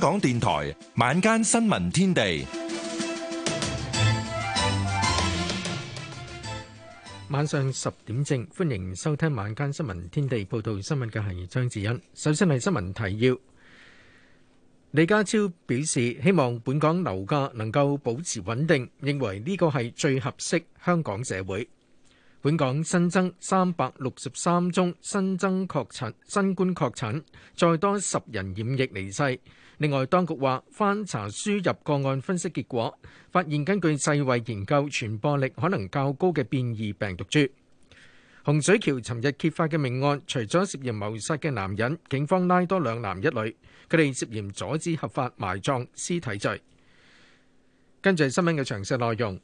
香港電台晚間新聞天地，晚上十點正，歡迎收聽晚間新聞天地報道新聞嘅係張智欣。首先係新聞提要，李家超表示希望本港樓價能夠保持穩定，認為呢個係最合適香港社會。本港新增三百六十三宗新增確診新冠確診，再多十人染疫離世。另外，當局話翻查輸入個案分析結果，發現根據世衞研究，傳播力可能較高嘅變異病毒株。洪水橋尋日揭發嘅命案，除咗涉嫌謀殺嘅男人，警方拉多兩男一女，佢哋涉嫌阻止合法埋葬屍體罪。跟住新聞嘅詳細內容，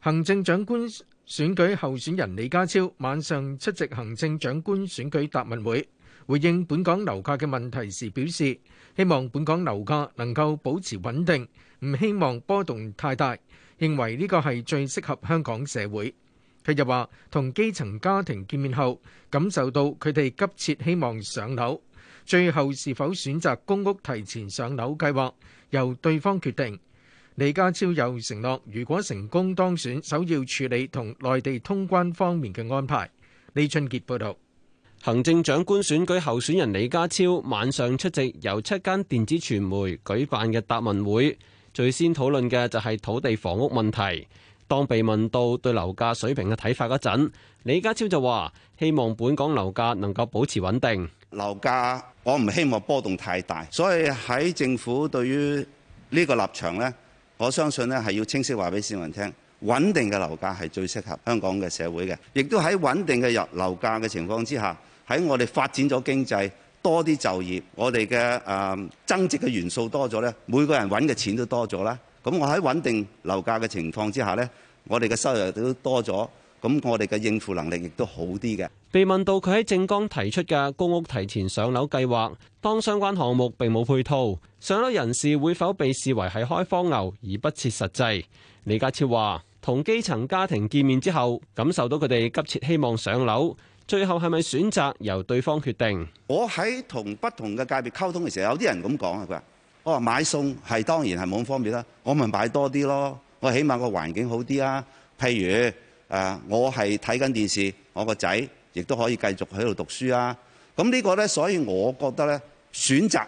行政長官選舉候選人李家超晚上出席行政長官選舉答問會。回應本港樓價嘅問題時，表示希望本港樓價能夠保持穩定，唔希望波動太大，認為呢個係最適合香港社會。佢又話，同基層家庭見面後，感受到佢哋急切希望上樓。最後是否選擇公屋提前上樓計劃，由對方決定。李家超又承諾，如果成功當選，首要處理同內地通關方面嘅安排。李春傑報導。行政長官選舉候選人李家超晚上出席由七間電子傳媒舉辦嘅答問會，最先討論嘅就係土地房屋問題。當被問到對樓價水平嘅睇法嗰陣，李家超就話：希望本港樓價能夠保持穩定。樓價我唔希望波動太大，所以喺政府對於呢個立場呢，我相信呢係要清晰話俾市民聽，穩定嘅樓價係最適合香港嘅社會嘅，亦都喺穩定嘅入樓價嘅情況之下。喺我哋發展咗經濟，多啲就業，我哋嘅誒增值嘅元素多咗咧，每個人揾嘅錢都多咗啦。咁我喺穩定樓價嘅情況之下咧，我哋嘅收入都多咗，咁我哋嘅應付能力亦都好啲嘅。被問到佢喺政綱提出嘅公屋提前上樓計劃，當相關項目並冇配套，上樓人士會否被視為係開荒牛而不切實際？李家超話：同基層家庭見面之後，感受到佢哋急切希望上樓。最後係咪選擇由對方決定？我喺同不同嘅界別溝通嘅時候，有啲人咁講啊，佢話：我話買餸係當然係冇咁方便啦，我咪買多啲咯，我起碼個環境好啲啊。譬如誒，我係睇緊電視，我個仔亦都可以繼續喺度讀書啊。咁呢個咧，所以我覺得咧，選擇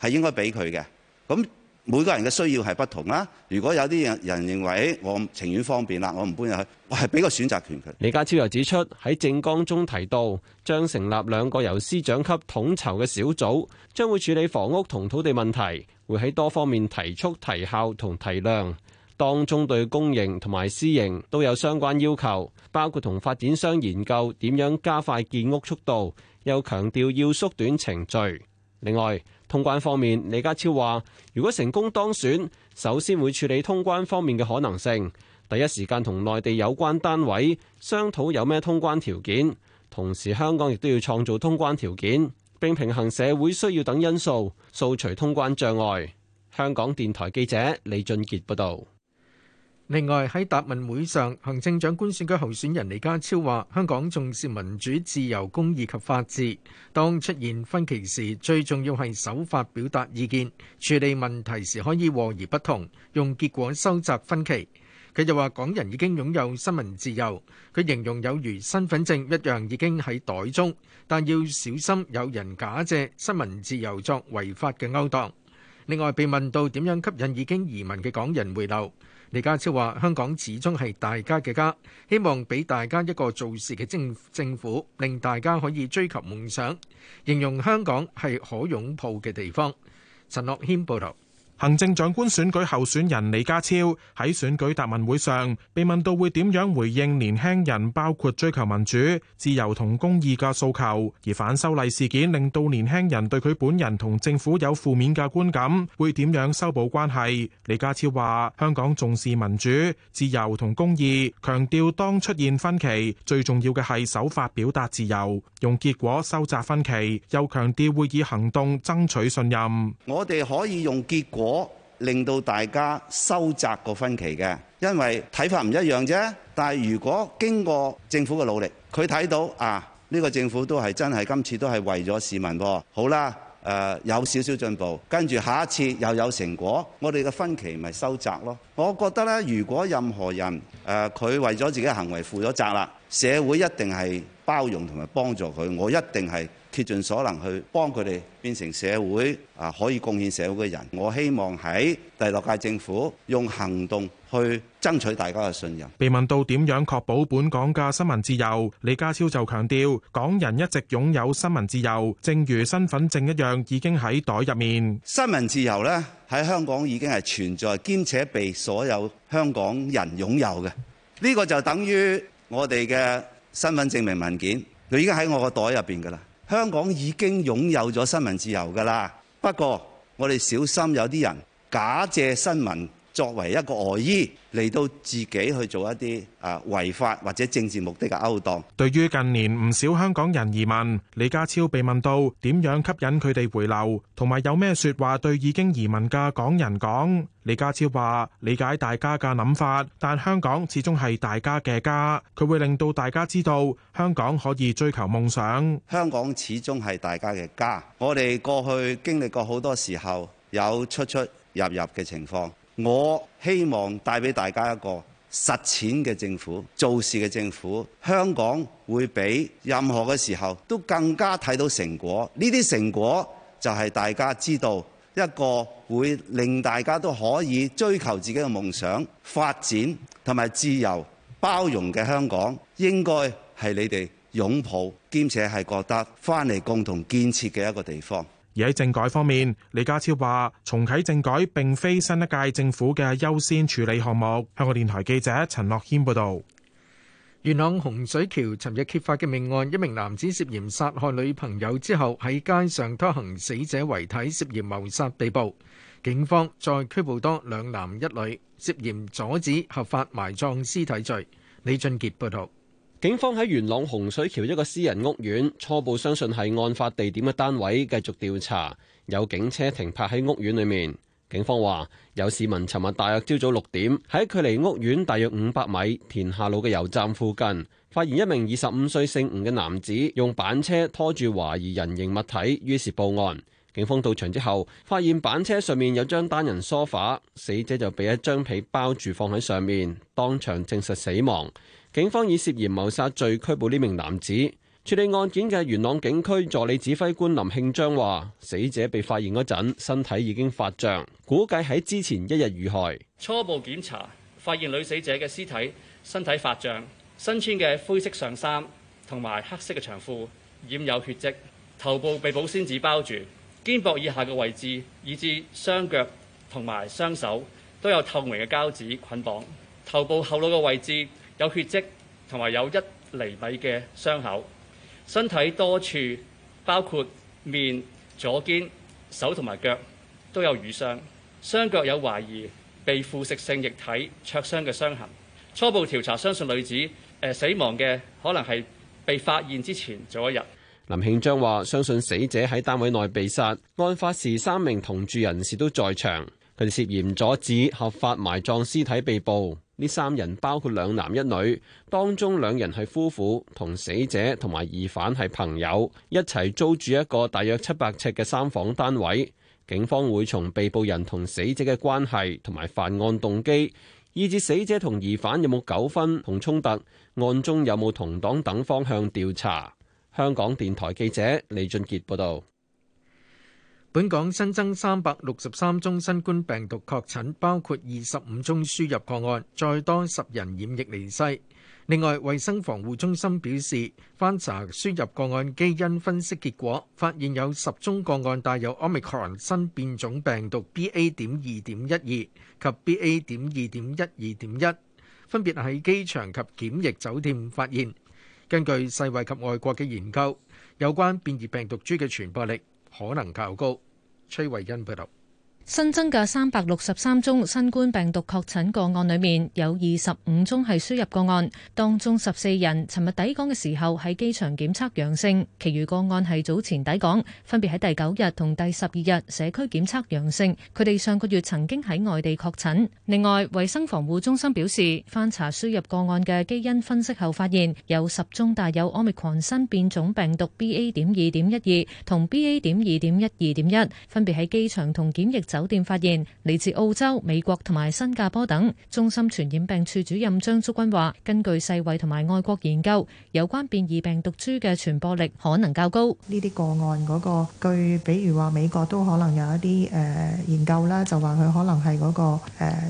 係應該俾佢嘅。咁。每個人嘅需要係不同啦。如果有啲人人認為，我情願方便啦，我唔搬入去，我係俾個選擇權佢。李家超又指出，喺政綱中提到，將成立兩個由司長級統籌嘅小組，將會處理房屋同土地問題，會喺多方面提速、提效同提量。當中對公營同埋私營都有相關要求，包括同發展商研究點樣加快建屋速度，又強調要縮短程序。另外，通關方面，李家超話：如果成功當選，首先會處理通關方面嘅可能性，第一時間同內地有關單位商討有咩通關條件，同時香港亦都要創造通關條件，並平衡社會需要等因素，掃除通關障礙。香港電台記者李俊杰報道。另外，喺答問會上，行政長官選舉候選人李家超話：香港重視民主、自由、公義及法治。當出現分歧時，最重要係守法表達意見。處理問題時可以和而不同，用結果收窄分歧。佢又話：港人已經擁有新聞自由，佢形容有如身份證一樣已經喺袋中，但要小心有人假借新聞自由作違法嘅勾當。另外，被問到點樣吸引已經移民嘅港人回流？李家超話：香港始終係大家嘅家，希望俾大家一個做事嘅政政府，令大家可以追求夢想。形容香港係可擁抱嘅地方。陳樂軒報道。行政長官選舉候選人李家超喺選舉答問會上被問到會點樣回應年輕人包括追求民主、自由同公義嘅訴求，而反修例事件令到年輕人對佢本人同政府有負面嘅觀感，會點樣修補關係？李家超話：香港重視民主、自由同公義，強調當出現分歧，最重要嘅係守法、表達自由，用結果收窄分歧。又強調會以行動爭取信任。我哋可以用結果。我令到大家收窄個分歧嘅，因為睇法唔一樣啫。但係如果經過政府嘅努力，佢睇到啊，呢、這個政府都係真係今次都係為咗市民喎。好啦，誒、呃、有少少進步，跟住下一次又有成果，我哋嘅分歧咪收窄咯。我覺得咧，如果任何人誒，佢、呃、為咗自己嘅行為負咗責啦，社會一定係包容同埋幫助佢。我一定係。竭盡所能去幫佢哋變成社會啊，可以貢獻社會嘅人。我希望喺第六屆政府用行動去爭取大家嘅信任。被問到點樣確保本港嘅新聞自由，李家超就強調，港人一直擁有新聞自由，正如身份證一樣，已經喺袋入面。新聞自由呢，喺香港已經係存在，兼且被所有香港人擁有嘅。呢個就等於我哋嘅身份證明文件，佢已經喺我個袋入邊噶啦。香港已經擁有咗新聞自由㗎喇，不過，我哋小心有啲人假借新聞。作為一個外醫嚟到自己去做一啲啊違法或者政治目的嘅勾當。對於近年唔少香港人移民，李家超被問到點樣吸引佢哋回流，同埋有咩説話對已經移民嘅港人講？李家超話：理解大家嘅諗法，但香港始終係大家嘅家。佢會令到大家知道香港可以追求夢想。香港始終係大家嘅家。我哋過去經歷過好多時候有出出入入嘅情況。我希望帶俾大家一個實踐嘅政府、做事嘅政府，香港會比任何嘅時候都更加睇到成果。呢啲成果就係大家知道一個會令大家都可以追求自己嘅夢想、發展同埋自由包容嘅香港，應該係你哋擁抱兼且係覺得翻嚟共同建設嘅一個地方。而喺政改方面，李家超話重啟政改並非新一屆政府嘅優先處理項目。香港電台記者陳樂謙報道。元朗洪水橋尋日揭發嘅命案，一名男子涉嫌殺害女朋友之後喺街上拖行死者遺體，涉嫌謀殺被捕。警方再拘捕多兩男一女，涉嫌阻止合法埋葬屍體罪。李俊傑報道。警方喺元朗洪水橋一個私人屋苑，初步相信係案發地點嘅單位，繼續調查。有警車停泊喺屋苑裏面。警方話有市民尋日大約朝早六點喺距離屋苑大約五百米田下路嘅油站附近，發現一名二十五歲姓吳嘅男子用板車拖住懷疑人形物體，於是報案。警方到場之後，發現板車上面有張單人梳化，死者就被一張被包住放喺上面，當場證實死亡。警方以涉嫌謀殺罪拘捕呢名男子。處理案件嘅元朗警區助理指揮官林慶章話，死者被發現嗰陣身體已經發脹，估計喺之前一日遇害。初步檢查發現女死者嘅屍體身體發脹，身穿嘅灰色上衫同埋黑色嘅長褲染有血跡，頭部被保鮮紙包住。肩膊以下嘅位置，以至雙腳同埋雙手都有透明嘅膠紙捆綁，頭部後腦嘅位置有血跡同埋有一厘米嘅傷口。身體多處包括面、左肩、手同埋腳都有瘀傷，雙腳有懷疑被腐蝕性液體灼傷嘅傷痕。初步調查相信女子誒死亡嘅可能係被發現之前早一日。林慶章話，相信死者喺單位內被殺，案發時三名同住人士都在場。佢涉嫌阻止合法埋葬屍體被捕。呢三人包括兩男一女，當中兩人係夫婦，同死者同埋疑犯係朋友，一齊租住一個大約七百尺嘅三房單位。警方會從被捕人同死者嘅關係，同埋犯案動機，以至死者同疑犯有冇糾紛同衝突，案中有冇同黨等方向調查。香港電台記者李俊杰報道，本港新增三百六十三宗新冠病毒確診，包括二十五宗輸入個案，再多十人染疫離世。另外，衛生防護中心表示，翻查輸入個案基因分析結果，發現有十宗個案帶有 omicron 新變種病毒 BA 點二點一二及 BA 點二點一二點一，分別喺機場及檢疫酒店發現。根據世衛及外國嘅研究，有關變異病毒株嘅傳播力可能較高。崔慧欣報導。新增嘅三百六十三宗新冠病毒確診個案裏面，有二十五宗係輸入個案，當中十四人尋日抵港嘅時候喺機場檢測陽性，其餘個案係早前抵港，分別喺第九日同第十二日社區檢測陽性，佢哋上個月曾經喺外地確診。另外，衛生防護中心表示，翻查輸入個案嘅基因分析後，發現有十宗帶有奧密克戎新變種病毒 BA. 點二點一二同 BA. 點二點一二點一，分別喺機場同檢疫酒店發現嚟自澳洲、美國同埋新加坡等。中心傳染病處主任張竹君話：根據世衞同埋外國研究，有關變異病毒株嘅傳播力可能較高。呢啲個案嗰個，據比如話美國都可能有一啲誒研究啦，就話佢可能係嗰個誒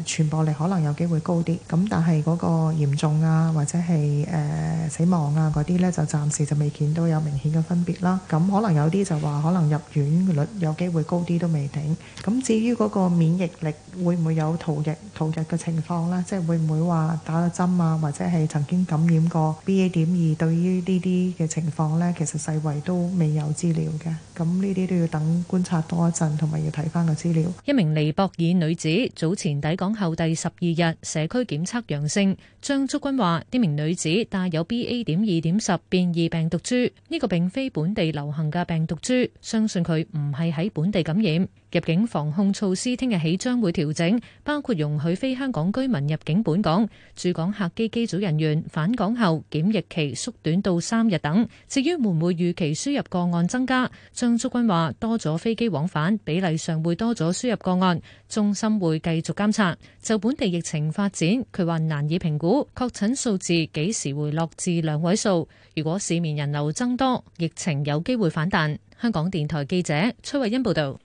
傳播力可能有機會高啲。咁但係嗰個嚴重啊，或者係誒死亡啊嗰啲呢，就暫時就未見到有明顯嘅分別啦。咁可能有啲就話可能入院率有機會高啲都未定。咁至於嗰個免疫力會唔會有逃逸逃逸嘅情況呢？即係會唔會話打咗針啊，或者係曾經感染過 B A. 點二？對於呢啲嘅情況呢，其實世衞都未有資料嘅，咁呢啲都要等觀察多一陣，同埋要睇返個資料。一名尼泊爾女子早前抵港後第十二日社區檢測陽性，張竹君話：呢名女子帶有 B A. 點二點十變異病毒株，呢個並非本地流行嘅病毒株，相信佢唔係喺本地感染。入境防控措施聽日起將會調整，包括容許非香港居民入境本港、駐港客機機組人員返港後檢疫期縮短到三日等。至於會唔會預期輸入個案增加，張竹君話多咗飛機往返，比例上會多咗輸入個案，中心會繼續監察。就本地疫情發展，佢話難以評估確診數字幾時回落至兩位數。如果市面人流增多，疫情有機會反彈。香港電台記者崔慧欣報道。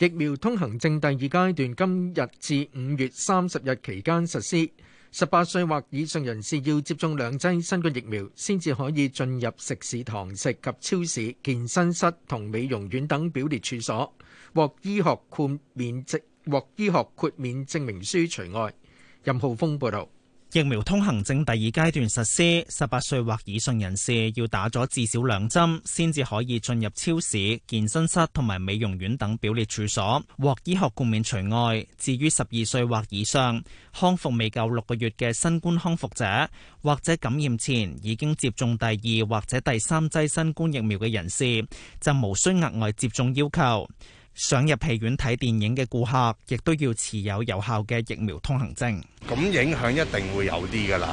疫苗通行證第二階段今日至五月三十日期間實施，十八歲或以上人士要接種兩劑新冠疫苗，先至可以進入食肆堂食及超市、健身室同美容院等表列處所，獲醫學豁免證獲醫學豁免證明書除外。任浩峰報道。疫苗通行證第二階段實施，十八歲或以上人士要打咗至少兩針，先至可以進入超市、健身室同埋美容院等表列處所，獲醫學豁免除外。至於十二歲或以上康復未夠六個月嘅新冠康復者，或者感染前已經接種第二或者第三劑新冠疫苗嘅人士，就無需額外接種要求。想入戲院睇電影嘅顧客，亦都要持有有效嘅疫苗通行證。咁影響一定會有啲㗎喇，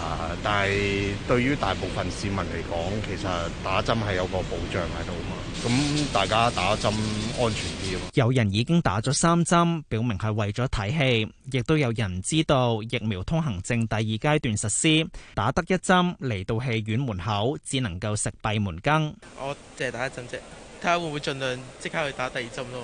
但係對於大部分市民嚟講，其實打針係有個保障喺度嘛。咁大家打針安全啲啊。有人已經打咗三針，表明係為咗睇戲，亦都有人知道疫苗通行證第二階段實施，打得一針嚟到戲院門口，只能夠食閉門羹。我即係打一針啫。睇下會唔會盡量即刻去打第二針咯。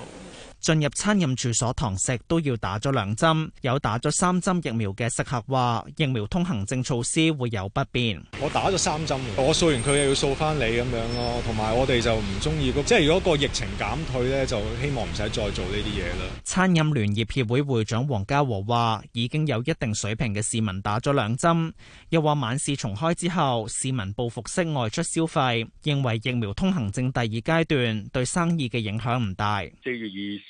進入餐飲處所堂食都要打咗兩針，有打咗三針疫苗嘅食客話，疫苗通行證措施會有不便。我打咗三針，我掃完佢又要掃返你咁樣咯，同埋我哋就唔鍾意即係如果個疫情減退呢，就希望唔使再做呢啲嘢啦。餐飲聯業協會會長黃家和話，已經有一定水平嘅市民打咗兩針，又話晚市重開之後，市民報復式外出消費，認為疫苗通行證第二階段對生意嘅影響唔大。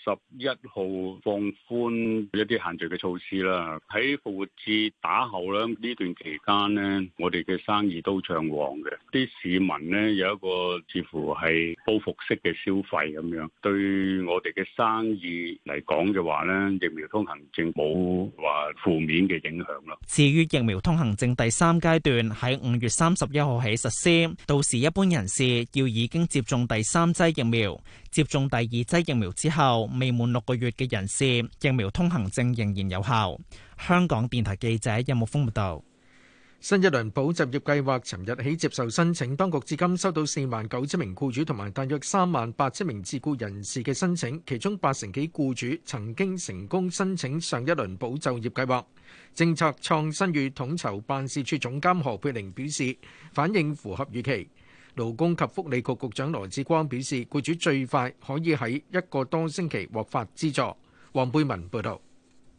十一號放寬一啲限聚嘅措施啦，喺復活節打後咧呢段期間呢，我哋嘅生意都暢旺嘅，啲市民呢，有一個似乎係報復式嘅消費咁樣，對我哋嘅生意嚟講嘅話呢，疫苗通行證冇話負面嘅影響咯。至於疫苗通行證第三階段喺五月三十一號起實施，到時一般人士要已經接種第三劑疫苗。接種第二劑疫苗之後，未滿六個月嘅人士疫苗通行證仍然有效。香港電台記者任木峯報導。新一輪保就業計劃尋日起接受申請，當局至今收到四萬九千名雇主同埋大約三萬八千名自雇人士嘅申請，其中八成幾雇主曾經成功申請上一輪保就業計劃。政策創新與統籌辦事處總監何佩玲表示，反應符合預期。勞工及福利局局長羅致光表示，僱主最快可以喺一個多星期獲發資助。黃佩文報道，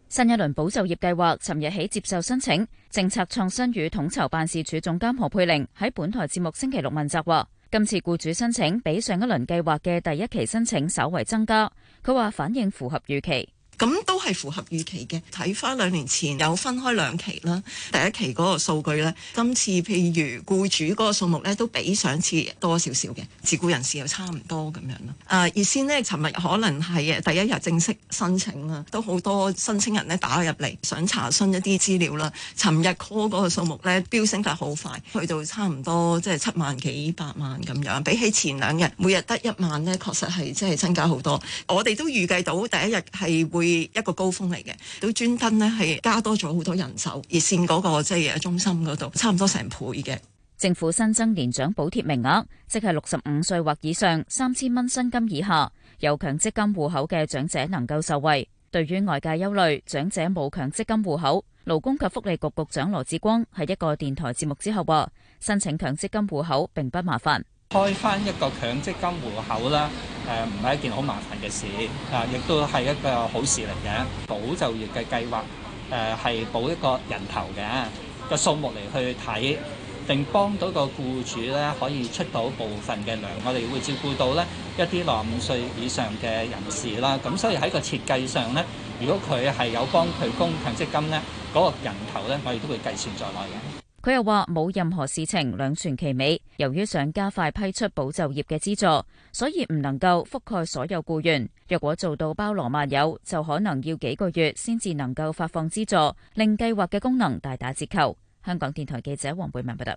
新一輪保就業計劃尋日起接受申請。政策創新與統籌辦事處總監何佩玲喺本台節目星期六問責話，今次僱主申請比上一輪計劃嘅第一期申請稍為增加，佢話反應符合預期。咁都係符合預期嘅。睇翻兩年前有分開兩期啦，第一期嗰個數據咧，今次譬如僱主嗰個數目呢，都比上次多少少嘅，自雇人士又差唔多咁樣咯。啊、呃，而先呢，尋日可能係第一日正式申請啦，都好多申請人呢打入嚟，想查詢一啲資料啦。尋日 call 嗰個數目呢，飆升得好快，去到差唔多即係七萬幾八萬咁樣，比起前兩日每日得一萬呢，確實係即係增加好多。我哋都預計到第一日係會一個高峰嚟嘅，都專登呢，係加多咗好多人手，熱線嗰個即係中心嗰度，差唔多成倍嘅。政府新增年長補貼名額，即係六十五歲或以上三千蚊薪金以下有強積金戶口嘅長者能夠受惠。對於外界憂慮長者冇強積金戶口，勞工及福利局局長羅志光喺一個電台節目之後話，申請強積金戶口並不麻煩。開翻一個強積金戶口啦，誒、呃，唔係一件好麻煩嘅事啊，亦都係一個好事嚟嘅。保就業嘅計劃，誒、呃，係保一個人頭嘅個數目嚟去睇，定幫到個僱主咧，可以出到部分嘅糧，我哋會照顧到咧一啲六十五歲以上嘅人士啦。咁、啊、所以喺個設計上咧，如果佢係有幫佢供強積金咧，嗰、那個人頭咧，我哋都會計算在內嘅。佢又話冇任何事情兩全其美，由於想加快批出保就業嘅資助，所以唔能夠覆蓋所有雇員。若果做到包羅萬有，就可能要幾個月先至能夠發放資助，令計劃嘅功能大打折扣。香港電台記者黃慧文報道。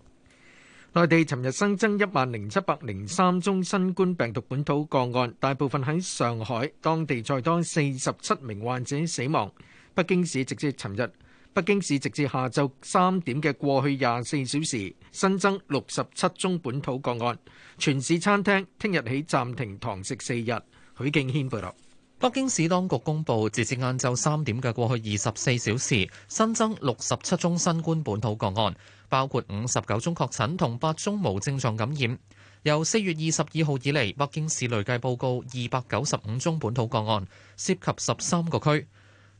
內地尋日新增一萬零七百零三宗新冠病毒本土個案，大部分喺上海，當地再多四十七名患者死亡。北京市直至尋日。北京市直至下晝三點嘅過去廿四小時新增六十七宗本土個案，全市餐廳聽日起暫停堂食四日。許敬軒報導。北京市當局公布，截至晏晝三點嘅過去二十四小時新增六十七宗新冠本土個案，包括五十九宗確診同八宗無症狀感染。由四月二十二號以嚟，北京市累計報告二百九十五宗本土個案，涉及十三個區。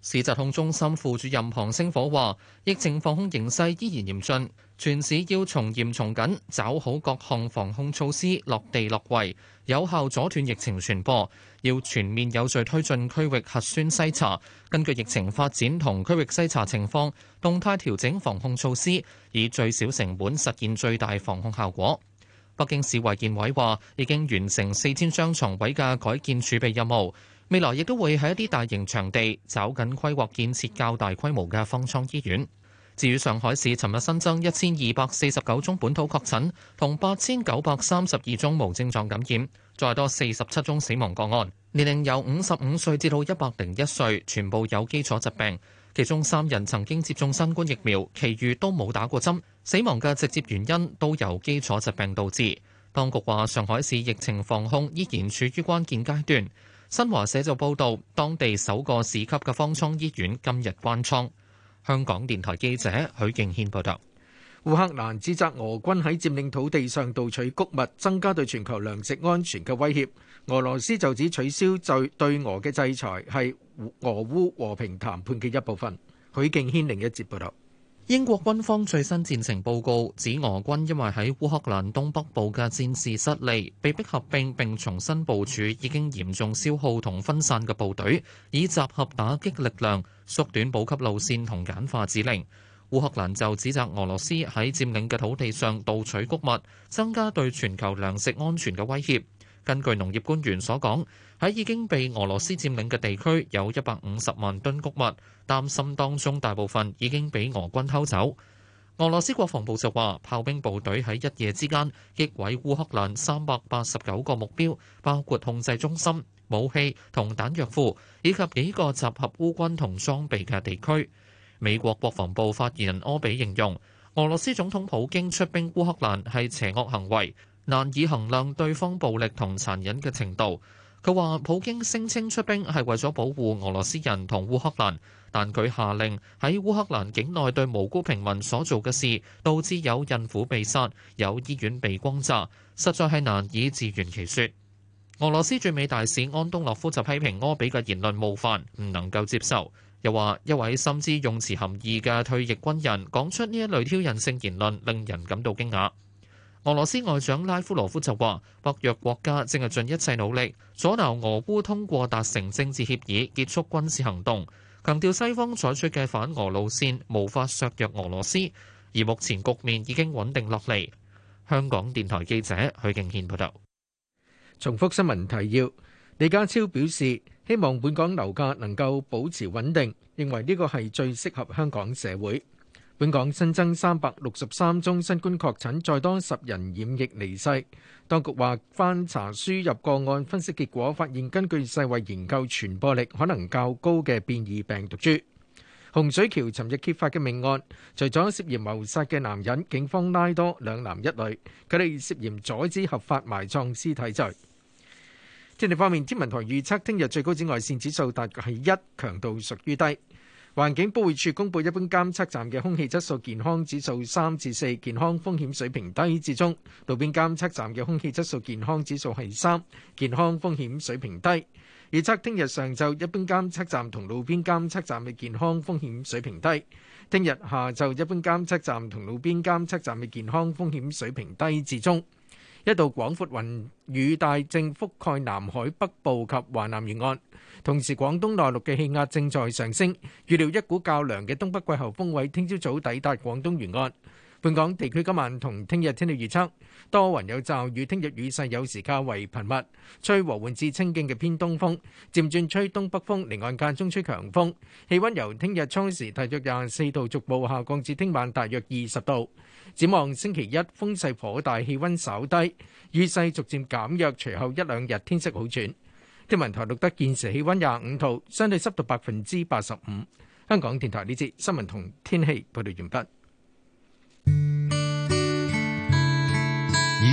市疾控中心副主任龐星火話，疫情防控形勢依然嚴峻，全市要從嚴從緊，抓好各項防控措施落地落位，有效阻斷疫情傳播。要全面有序推進區域核酸篩查，根據疫情發展同區域篩查情況，動態調整防控措施，以最小成本實現最大防控效果。北京市衛健委話，已經完成四千張床位嘅改建儲備任務。未來亦都會喺一啲大型場地找緊規劃建設較大規模嘅方艙醫院。至於上海市，尋日新增一千二百四十九宗本土確診，同八千九百三十二宗無症狀感染，再多四十七宗死亡個案。年齡由五十五歲至到一百零一歲，全部有基礎疾病，其中三人曾經接種新冠疫苗，其餘都冇打過針。死亡嘅直接原因都由基礎疾病導致。當局話，上海市疫情防控依然處於關鍵階段。新華社就報道，當地首個市級嘅方艙醫院今日關倉。香港電台記者許敬軒報道。烏克蘭指責俄軍喺佔領土地上盜取谷物，增加對全球糧食安全嘅威脅。俄羅斯就指取消對對俄嘅制裁係俄烏和平談判嘅一部分。許敬軒另一節報道。英國軍方最新戰情報告指，俄軍因為喺烏克蘭東北部嘅戰事失利，被迫合併並重新部署，已經嚴重消耗同分散嘅部隊，以集合打擊力量，縮短補給路線同簡化指令。烏克蘭就指責俄羅斯喺佔領嘅土地上盜取穀物，增加對全球糧食安全嘅威脅。根據農業官員所講。喺已經被俄羅斯佔領嘅地區，有一百五十萬噸穀物，擔心當中大部分已經被俄軍偷走。俄羅斯國防部就話，炮兵部隊喺一夜之間擊毀烏克蘭三百八十九個目標，包括控制中心、武器同彈藥庫，以及幾個集合烏軍同裝備嘅地區。美國國防部發言人柯比形容，俄羅斯總統普京出兵烏克蘭係邪惡行為，難以衡量對方暴力同殘忍嘅程度。佢話：普京聲稱出兵係為咗保護俄羅斯人同烏克蘭，但佢下令喺烏克蘭境內對無辜平民所做嘅事，導致有孕婦被殺、有醫院被轟炸，實在係難以自圓其説。俄羅斯駐美大使安東洛夫就批評柯比嘅言論冒犯，唔能夠接受。又話一位深知用詞含義嘅退役軍人講出呢一類挑釁性言論，令人感到驚訝。俄羅斯外長拉夫羅夫就話：北約國家正係盡一切努力阻撓俄烏通過達成政治協議結束軍事行動，強調西方採取嘅反俄路線無法削弱俄羅斯，而目前局面已經穩定落嚟。香港電台記者許敬憲報道。重複新聞提要：李家超表示希望本港樓價能夠保持穩定，認為呢個係最適合香港社會。本港新增三百六十三宗新冠確診，再多十人染疫離世。當局話翻查輸入個案分析結果，發現根據世衛研究，傳播力可能較高嘅變異病毒株。洪水橋尋日揭發嘅命案，除咗涉嫌謀殺嘅男人，警方拉多兩男一女，佢哋涉嫌阻止合法埋葬屍體罪。天氣方面，天文台預測聽日最高紫外線指數大概係一，強度屬於低。環境保護署公布一般監測站嘅空氣質素健康指數三至四，健康風險水平低至中；路邊監測站嘅空氣質素健康指數係三，健康風險水平低。預測聽日上晝一般監測站同路邊監測站嘅健康風險水平低；聽日下晝一般監測站同路邊監測站嘅健康風險水平低至中。一道廣闊雲雨帶正覆蓋南海北部及華南沿岸，同時廣東內陸嘅氣壓正在上升，預料一股較涼嘅東北季候風位聽朝早抵達廣東沿岸。本港地區今晚同聽日天氣預測多雲有驟雨，聽日雨勢有時較為頻密，吹和緩至清勁嘅偏東風，漸轉吹東北風，離岸間中吹強風。氣温由聽日初時大約廿四度逐步下降至聽晚大約二十度。展望星期一風勢頗大，氣温稍低，雨勢逐漸減弱，隨後一兩日天色好轉。天文台錄得現時氣温廿五度，相對濕度百分之八十五。香港電台呢節新聞同天氣報導完畢。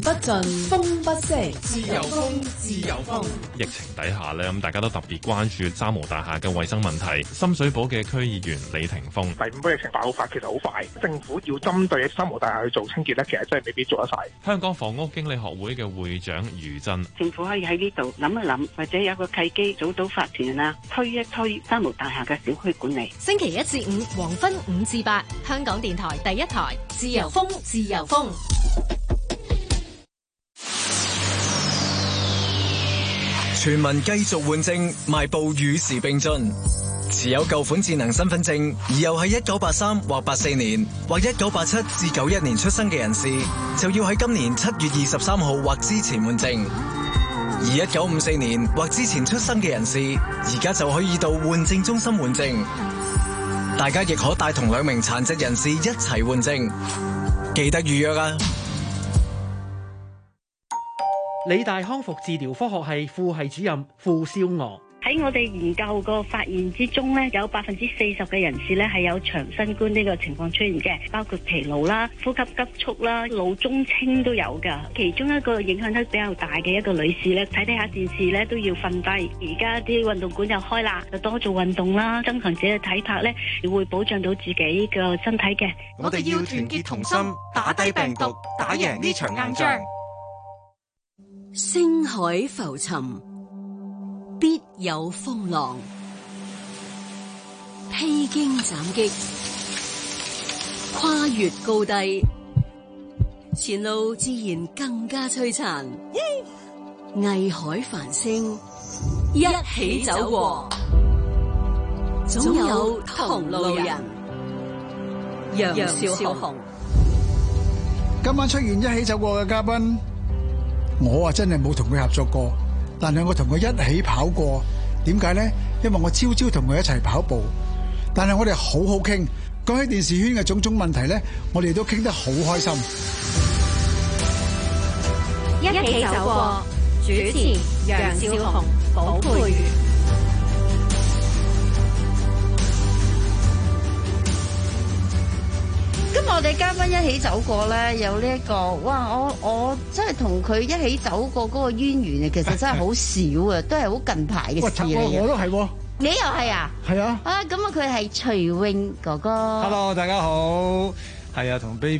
不盡風不息，自由風，自由風。疫情底下咧，咁大家都特別關注三無大廈嘅衞生問題。深水埗嘅區議員李霆鋒，第五波疫情爆發其實好快，政府要針對三無大廈去做清潔咧，其實真係未必做得晒。香港房屋經理學會嘅會長余振，政府可以喺呢度諗一諗，或者有個契機，早早發展啦，推一推三無大廈嘅小區管理。星期一至五黃昏五至八，香港電台第一台，自由風，自由風。全民繼續換證，邁步與時並進。持有舊款智能身份證，而又係一九八三或八四年或一九八七至九一年出生嘅人士，就要喺今年七月二十三號或之前換證。而一九五四年或之前出生嘅人士，而家就可以到換證中心換證。大家亦可帶同兩名殘疾人士一齊換證，記得預約啊！理大康復治療科學系副系主任傅少娥喺我哋研究個發現之中咧，有百分之四十嘅人士咧係有長新冠呢個情況出現嘅，包括疲勞啦、呼吸急促啦、老中青都有噶。其中一個影響得比較大嘅一個女士咧，睇睇下電視咧都要瞓低。而家啲運動館又開啦，就多做運動啦，增強自己嘅體魄咧，會保障到自己個身體嘅。我哋要團結同心，打低病毒，打贏呢場硬仗。星海浮沉，必有風浪；披荊斬棘，跨越高低，前路自然更加璀璨。藝海繁星，一起走過，總有同路人。楊少雄，今晚出現一起走過嘅嘉賓。我啊真係冇同佢合作過，但係我同佢一起跑過。點解咧？因為我朝朝同佢一齊跑步，但係我哋好好傾。講起電視圈嘅種種問題咧，我哋都傾得好開心。一起走過，主持楊小紅、寶貝。我哋嘉賓一起走過咧，有呢、這、一個哇！我我真係同佢一起走過個淵源啊，其實真係好少啊，哎、呀都係好近排嘅事嚟、啊、嘅。我都係你又係啊？係啊！啊，咁啊，佢係徐穎哥哥。Hello，大家好，係啊，同 B